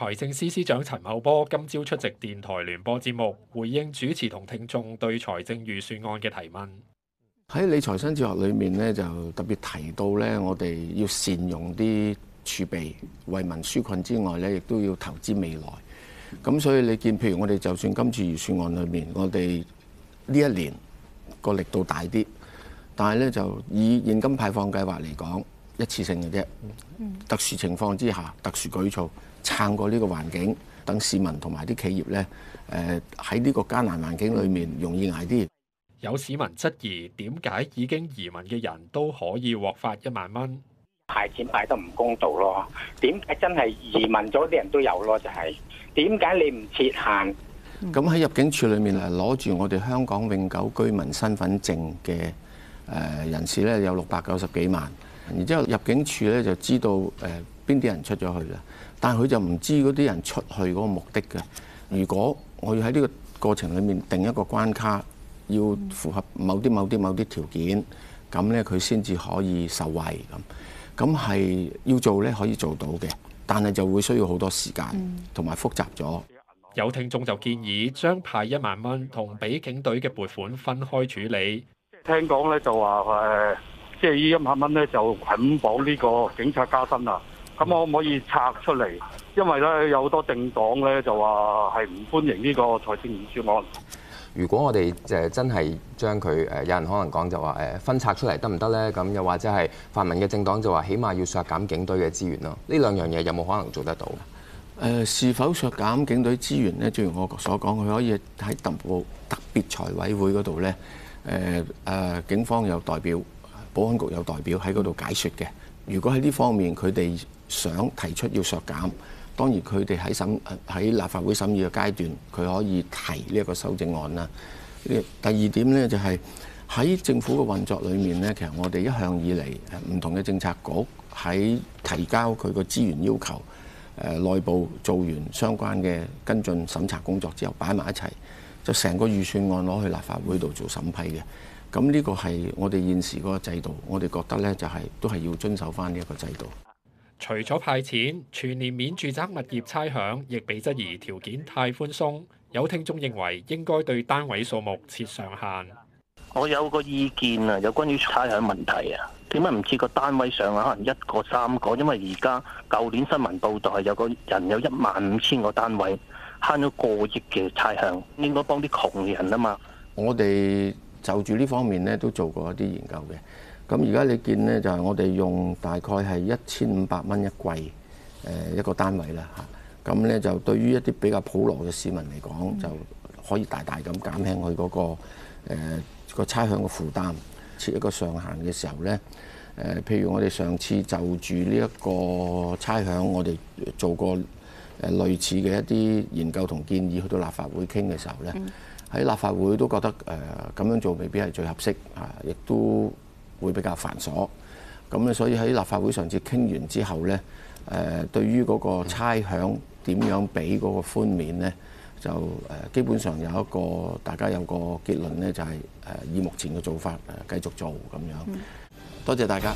財政司司長陳茂波今朝出席電台聯播節目，回應主持同聽眾對財政預算案嘅提問。喺理財新哲學裏面咧，就特別提到咧，我哋要善用啲儲備，為民紓困之外咧，亦都要投資未來。咁所以你見，譬如我哋就算今次預算案裏面，我哋呢一年個力度大啲，但係咧就以現金派放計劃嚟講。一次性嘅啫，特殊情況之下，特殊舉措撐過呢個環境，等市民同埋啲企業咧，誒喺呢個艱難環境裏面容易挨啲。有市民質疑，點解已經移民嘅人都可以獲發一萬蚊，派錢派得唔公道咯？點解真係移民咗啲人都有咯？就係點解你唔設限？咁喺、嗯、入境處裏面嚟攞住我哋香港永久居民身份證嘅誒人士咧，有六百九十幾萬。然之後入境處咧就知道誒邊啲人出咗去啦，但係佢就唔知嗰啲人出去嗰個目的嘅。如果我要喺呢個過程裡面定一個關卡，要符合某啲某啲某啲條件，咁咧佢先至可以受惠咁。咁係要做咧可以做到嘅，但係就會需要好多時間同埋複雜咗。有聽眾就建議將派一萬蚊同俾警隊嘅撥款分開處理。聽講咧就話誒。即係呢一萬蚊咧，就捆綁呢個警察加薪啦。咁可唔可以拆出嚟？因為咧有好多政黨咧就話係唔歡迎呢個財政預算案。如果我哋誒真係將佢誒，有人可能講就話誒分拆出嚟得唔得咧？咁又或者係泛民嘅政黨就話，起碼要削減警隊嘅資源咯。呢兩樣嘢有冇可能做得到？誒、呃，是否削減警隊資源咧？正如我所講，佢可以喺特特別財委會嗰度咧，誒、呃、誒，警方有代表。保安局有代表喺嗰度解說嘅。如果喺呢方面佢哋想提出要削減，當然佢哋喺審喺立法會審議嘅階段，佢可以提呢一個修正案啦。第二點咧就係、是、喺政府嘅運作裏面咧，其實我哋一向以嚟唔同嘅政策局喺提交佢個資源要求，呃、內部做完相關嘅跟進審查工作之後擺埋一齊，就成個預算案攞去立法會度做審批嘅。咁呢個係我哋現時嗰、就是、個制度，我哋覺得呢就係都係要遵守返呢一個制度。除咗派錢，全年免住宅物業差餉，亦被質疑條件太寬鬆。有聽眾認為應該對單位數目設上限。我有個意見啊，有關於差餉問題啊，點解唔設個單位上限？可能一個三個，因為而家舊年新聞報道係有個人有一萬五千個單位，慳咗過億嘅差餉，應該幫啲窮人啊嘛。我哋。就住呢方面呢都做過一啲研究嘅。咁而家你見呢就係、是、我哋用大概係一千五百蚊一季、呃，一個單位啦吓，咁、啊、呢、嗯、就對於一啲比較普羅嘅市民嚟講就可以大大咁減輕佢嗰、個個個、呃、差餉嘅負擔，設一個上限嘅時候呢、呃、譬如我哋上次就住呢一個差餉我哋做過呃、類似嘅一啲研究同建議去到立法會傾嘅時候呢。嗯喺立法會都覺得誒咁、呃、樣做未必係最合適啊，亦都會比較繁瑣。咁、啊、咧，所以喺立法會上次傾完之後呢，誒、呃、對於嗰個差餉點樣俾嗰個寬免呢，就誒、呃、基本上有一個大家有個結論呢，就係誒以目前嘅做法誒、啊、繼續做咁樣。多謝大家。